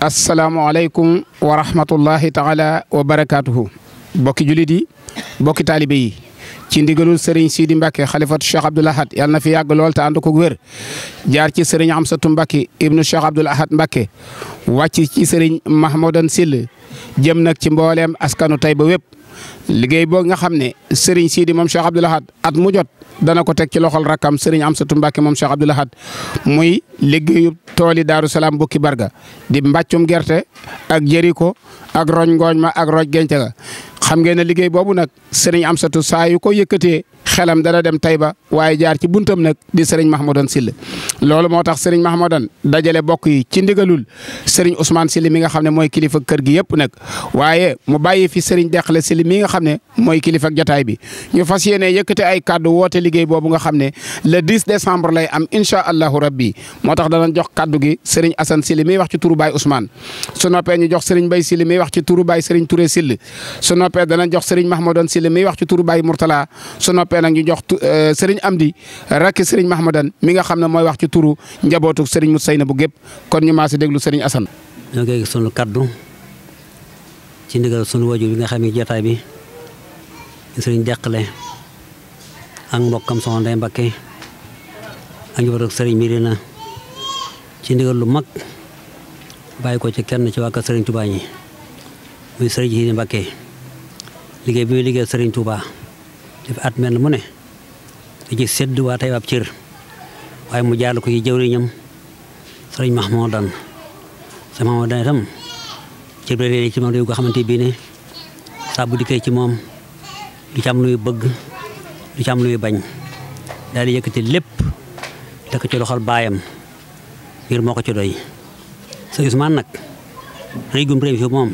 asalaamualeykum wa rahmatullahi taala wa barakaatuhu. bokki jullit yi bokki taalibe ci ndigalul Serigne Sidi Mbacke xalifatu Cheikh Abdoul Ahad yàlla na fi yàgg lool te ànd ko jaar ci Serigne Amsatu Mbacke ibnu Cheikh Abdoul Ahad Mbacke wàcc ci Serigne Mahmoudan Sill jëm nag ci mbooleem askanu Tayba wépp liggéey boo nga xam ne Serigne Sidi moom Cheikh Abdoul Ahad at mu jot dana ko teg ci loxol rakkam sëriñ Amsatu Mbàkke moom Cheikh Abdoul Ahad muy liggéeyu tooli Daaru Salaam bukki barga di mbàccum gerte ak jëri ko ak roñ ngooñ ma ak roj gence ga xam ngeen ne liggéey boobu nag sëriñ Amsatu saa yu ko yëkkatee xelam dana dem Tayba waaye jaar ci buntam nag di sëriñ Mahmoudane Sylla loolu moo tax sëriñ Mahmoudane dajale bokk yi ci ndigalul sëriñ Ousmane Sylla mi nga xam ne mooy kilifa kër gi yëpp nag waaye mu bàyyi fi sëriñ Deqale Sylla mi nga xam ne mooy kilifa jataay bi ñu fas yéene yëkkate ay kàddu woote liggéey boobu nga xam ne le 10 décembre lay am incha allahu rabbi moo tax danañ jox kàddu gi sëriñ Assane Sylla mi wax ci turu Baye Ousmane su noppee ñu jox sëriñ Baye Sylla nag ñu jox euh, sëriñ Amdi rakki sëriñ Mahmadan mi nga xam ne mooy wax ci turu njabootu sëriñ Moussaïna bu gépp kon ñu maa si déglu sëriñ Assane. ñoo ngi sunu kaddu ci ndigal sunu wajur bi nga xam ne jotaay bi sëriñ Deqale ak mbokkam soxna Ndeye Mbakke ak njabootu sëriñ Mirina ci ndigal lu mag bàyyi ko ci kenn ci waa kër sëriñ Touba ñi muy sëriñ Jiiri Mbakke liggéey bi liggéey sëriñ Touba. def at mel mu ne di ci sedd waa tey ab cër waaye mu jaarlu ko ci jëwriñam sëriñ Mahmoudan sa Mahmoudan itam cër bi ci moom réew goo xamante bii ne saa bu dikkee ci moom du ci am luy bëgg du ci am luy bañ daal di yëkkati lépp tekk ci loxol baayam ngir moo ko ci doy sa Ousmane nag réy gum réew fi moom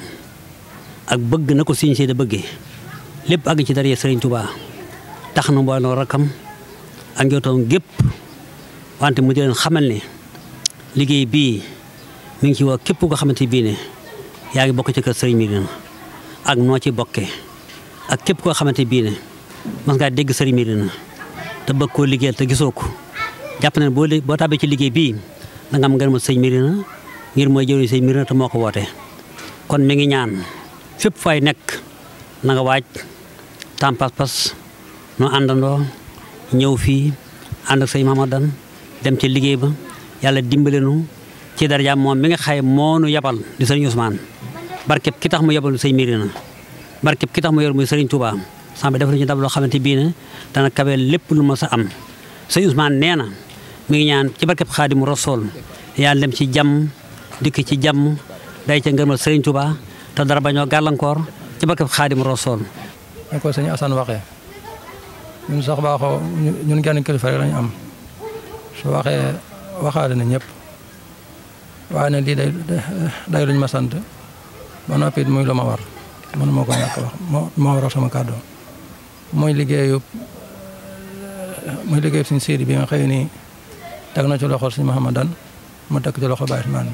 ak bëgg na ko siñ see da lépp àgg ci dara Sëriñ Tuubaa tax na mbooloo rakam ak njootoom gépp wante mu di leen xamal ne liggéey bii mu ngi ci woo képp koo xamante bii ne yaa ngi bokk ci kër sëriñ Mirina ak noo ci bokkee ak képp koo xamante bii ne mas ngaa dégg sëriñ Mirina te bëgg koo liggéeyal te gisoo ko jàpp na boo boo tàbbee ci liggéey bii da nga am ngërëmu sëriñ Mirina ngir mooy jëwriñ sëriñ Mirina te moo ko woote kon mi ngi ñaan fépp fay nekk na waaj tam nu àndandoo ñëw fii ànd ak sëñ Mahamadan dem ci liggéey ba yàlla dimbale nu ci darajaam moom mi nga xay moo nu yabal di sëriñ Ousmane barkeb ki tax mu yabal sëñ Mirina barkeb ki tax mu yor muy sëriñ Touba sàmm def ci dab loo xamante bii ne dana kawe lépp lu ma sa am sëñ Ousmane nee na mu ngi ñaan ci barkeb Xaadimu Rasuul yàlla dem ci jàmm dikk ci jàmm day ca ngërmal sëriñ Touba te dara bañoo gàllankoor ci barkeb Xaadimu Rasuul. ñu ñun sax baaxoo ñun genn kilifa rek lañu am su waxee waxaale na ñëpp waaye ne lii day day luñ ma sant ba noppi it muy lu war man moo ko ñàkk wax moo moo waral sama kàddu muy liggéeyu muy liggéeyu suñ séeri bi nga xëy nii teg na ci loxo suñ Mahamadan mu tekk ci loxo Baye Ousmane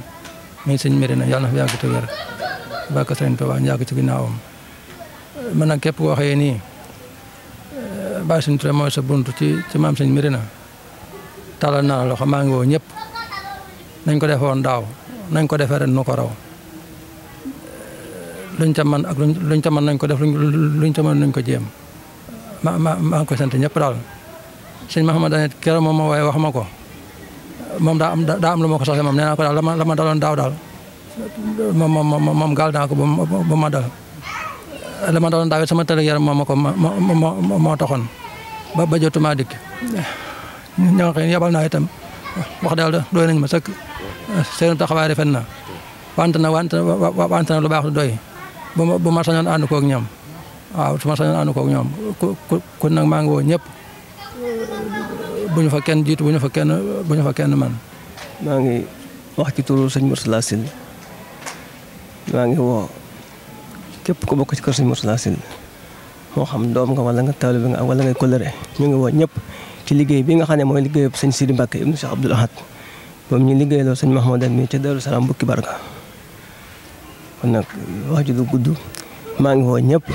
muy suñ Medina yàlla na fi yàgg te wér bàkk Sëriñ Tuubaa yàgg ci ginnaawam man nag képp koo xëyee nii Baye Serigne Touré mooy sa buntu ci ci maam Serigne Mirina talal loxo maa ngi woo ñëpp nañ ko defoon daaw nañ ko defee ren nu ko raw luñ ca man ak luñ ca mën nañ ko def luñ ca mën nañ ko jéem ma ma maa ngi ko sant ñëpp daal sëñ Mahamad danet keroog moom ma waaye wax ma ko moom daa am daa am lu ma ko soxee moom nee naa ko daal la ma la ma daloon daaw daal moom moom moom gaal naa ko ba ma dal la ma doon dawee sama tële yaram moo ma ko moo moo taxoon ba ba jotuma dikk ñoo xam yabal naa itam wax daal doy nañ ma sëkk seen taxawaay rafet na wante na wante na lu baax du doy bu ma bu ma koog ñoom waaw su ma sañoon koog ñoom ku kon nag maa ngi woo ñëpp bu fa kenn jiitu bu fa kenn bu fa kenn man maa ngi wax ci turu sëñ Mourtalla Syll maa ngi woo képp ku bokk ci kër Serigne Mourtada Syll moo xam doom nga wala nga taalibe nga wala ngay kóllëre ñu ngi woo ñëpp ci liggéey bi nga xam ne mooy liggéeyub sëñ Sidi Mbacke ibnu Cheikh Abdoul Ahad moom ñu liggéeyloo sëñ Mahmoudan mi ca Darou Salaam bukki barka kon nag wax ju du gudd maa ngi woo ñëpp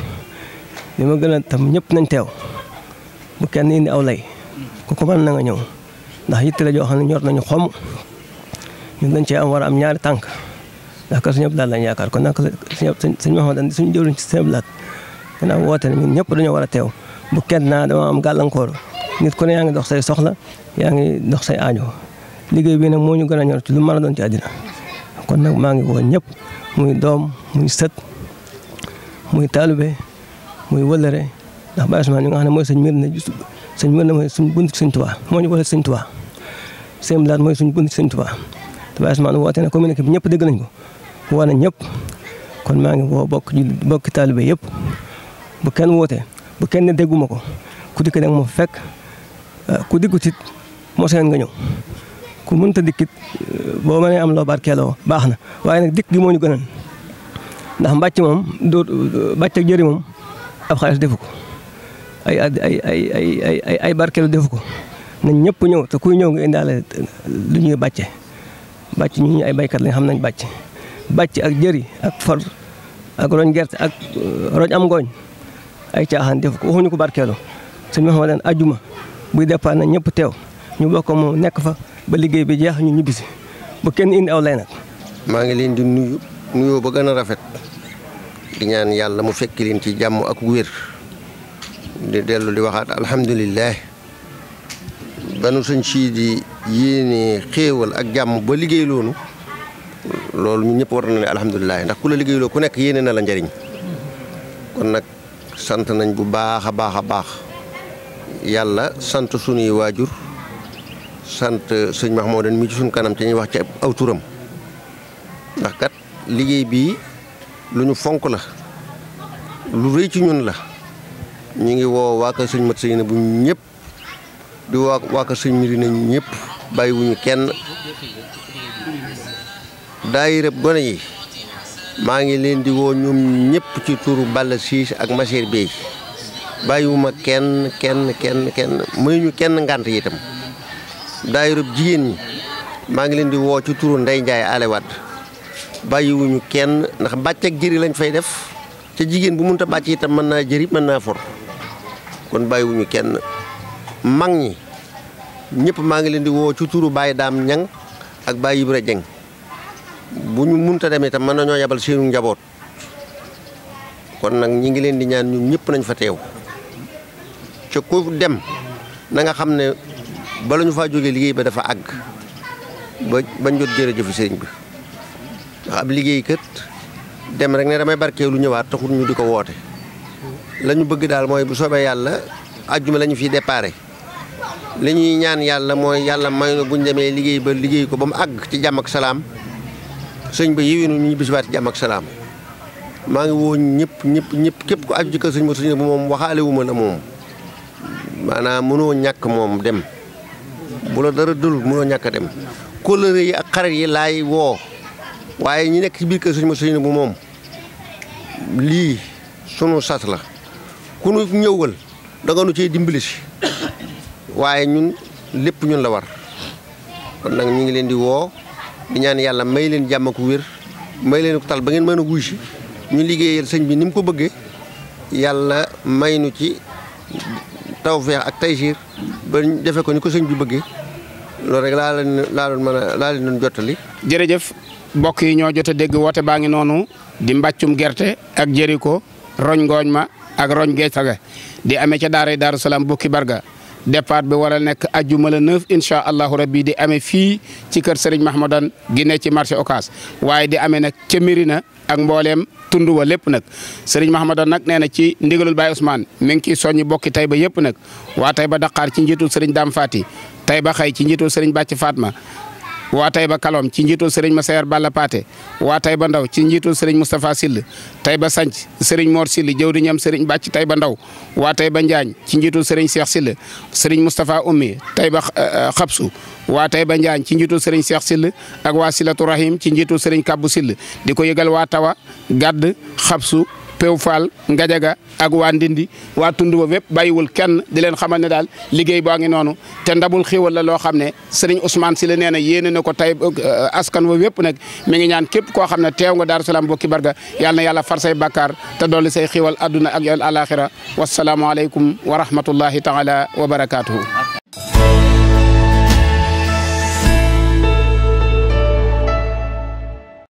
li ma gën a tam ñëpp nañ teew bu kenn indi aw lay ku ko mën na nga ñëw ndax yitte joo xam ne ñor nañu xomm ñun dañ cee am war am ñaari tànk ndax kat suñu laat lañ yaakaar kon nag suñu Mouhamadou suñu jëwriñ ci seen laat gannaaw woote ne ñëpp dañoo war a teew bu kenn naa dama am gàllankoor nit ku ne yaa ngi dox say soxla yaa ngi dox say aajo liggéey bi nag moo ñu gën a ñor ci lu mën doon ci àddina kon nag maa ngi woo ñëpp muy doom muy sët muy taalube muy wëllëre ndax Baye Ousmane ñu xam ne mooy sëñ mbir na sëñ mbir na mooy suñ bunt ci sëñ Tuubaa ñu wële sëñ Tuubaa sëñ laat mooy suñ bunt ci sëñ Tuubaa te Baye Ousmane woote na bi ñëpp dégg nañ ko wane ñëpp kon maa ngi woo bokk ju bokk taalibe yëpp bu kenn woote bu kenn dégguma ko ku dikk danga ma fekk euh, ku dikkut it moseen nga ñëw ku mënta dikkit euh, boo ma mënee am loo barke barkeeloo baax na waaye nag dikk gi moo ñu gonan ndax mbàcc moom doo euh, mbàcc ak jëri moom ab xaalis defu ko ay ay ay ay ay defu ko nañ ñëpp ñëw te kuy ñëw nga indaale lu ñuy bàcce bàcc ñu ñu ay baykat lañ xam nañ bàcc bàcc ak jëri ak for ak roñ gerte ak euh, roñ am ngooñ ay caaxaan def ko waxuñu ko barkeelu suñu ma xamal leen ajuma buy départ na ñëpp teew ñu bokk moom nekk fa ba liggéey bi jeex ñu ñibbisi bu kenn indi aw lay nag. maa ngi leen di nuyu nuyoo ba gën a rafet di ñaan yàlla mu fekk leen ci jàmm ak wér di dellu di waxaat alhamdulilah banu suñ sii di yéene xéewal ak jàmm ba liggéey loonu loolu ñun ñëpp war na ne alhamdulilah ndax ku la liggéeyloo ku nekk yéene na la njariñ kon nag sant nañ bu baax a baax a baax yàlla sant suñuy waajur sant sëñ Mahmoudan mi ci suñ kanam ci ñuy wax ci aw turam ndax kat liggéey bii lu ñu fonk la lu rëy ci ñun la ñu ngi woo waa kër sëñ na bu ñëpp di waa waa kër ñëpp bàyyiwuñu kenn daayirab gone yi maa ngi leen di woo ñoom ñëpp ci turu Balla siis ak Massir Bey bàyyiwuma kenn kenn kenn kenn mayuñu kenn ngànt yi itam daayirab jigéen ñi maa ngi leen di woo ci turu Ndey Njaay Alewaat bàyyiwuñu kenn ndax bàcc ak jëri lañ fay def ca jigéen bu munta bàcc itam mën naa jëri mën naa for kon bàyyiwuñu kenn mag ñi ñëpp maa ngi leen di woo ci turu Baye Daam Ñang ak bàyyi Ibra Jeng bu ñu munta demee itam mën nañoo yabal seenu njaboot kon nag ñi ngi leen di ñaan ñun ñëpp nañ fa teew ca ku dem na nga xam ne bala ñu faa jógee liggéey ba dafa àgg ba bañ jot jërëjëf sëriñ bi ndax ab liggéey kat dem rek ne damay lu ñëwaat taxul ñu di ko woote la ñu bëgg daal mooy bu soobee yàlla ajjuma lañu fi fiy li ñuy ñaan yàlla mooy yàlla may na bu ñu demee liggéey ba liggéey ko ba mu àgg ci jàmm ak salaam. sëñ ba yéwénu ñu bisiwaat ci jàmm ak salaam maa ngi woo ñëpp ñëpp ñëpp képp ko aju ci kër sëñ Moussa Diop moom waxaale wu ma la moom maanaam mënoo ñàkk moom dem bu la dara dul mënoo ñàkk dem kóllëre yi ak xarit yi laay woo waaye ñu nekk ci biir kër sëñ Moussa Diop moom lii sunu sas la ku nu ñëwal da nga nu cee dimbali si waaye ñun lépp ñun la war kon nag ñu ngi leen di woo. di ñaan yàlla may leen jàmm ak wér may leen ko tal ba ngeen mën a wuy si ñu liggéeyal sëñ bi ni mu ko bëggee yàlla may nu ci tawfeex ak taysiir ba ñu defee ko ni ko sëñ bi bëggee loolu rek laa leen mën a laa jottali. jërëjëf mbokk yi ñoo jot a dégg woote baa ngi noonu di mbàccum gerte ak jëri ko roñ ngooñ ma ak roñ geej ga di amee ca daaray Daaru Salaam bukki barga départ bi war a nekk ajumala la neuf incha allahu rabbi di amee fii ci kër Serigne Mahmoudane gi ne ci marché Ocass waaye di amee nag ca Mirina ak mbooleem tund wa lépp nag Serigne Mahmoudane nag nee na ci ndigalul Baye Ousmane mi ngi ciy soññi bokki tay ba yëpp nag waa tay ba daqaar ci njiitul Serigne Dame Fati tay ba xay ci njiitul ci faat Fatma waa Taïba Kalom ci njiitul sëriñ Massaer Balla Paté waa Taïba Ndaw ci njiitul sëriñ Moustapha Sill Taïba Sanc sëriñ Mor Sill jëwriñam sëriñ Bàcc ba Ndaw waa ba Njaañ ci njiitul sëriñ Cheikh Sill sëriñ Moustapha Oumy Taïba euh, euh, Xabsu waa ba Njaañ ci njiitul sëriñ Cheikh Sill ak waa Silatu Rahim ci njiitul sëriñ Kabbu Sill di ko yëgal waa Tawa Gàdd Xabsu Pew Fall Ngajaga ak waa Ndindi waa tund ba wépp bàyyiwul kenn di leen xamal ne daal liggéey baa ngi noonu te ndabul xiwal la loo xam ne sëriñ Ousmane si la nee na yéene na ko tey euh, askan wa wépp nag mi ngi ñaan képp koo xam ne teew nga Daaru Salaam bokki barga yàlla yàlla far say bakkaar te dolli say xiwal adduna ak yol alaxira wasalaamualeykum wa rahmatullahi taala wa barakaatuhu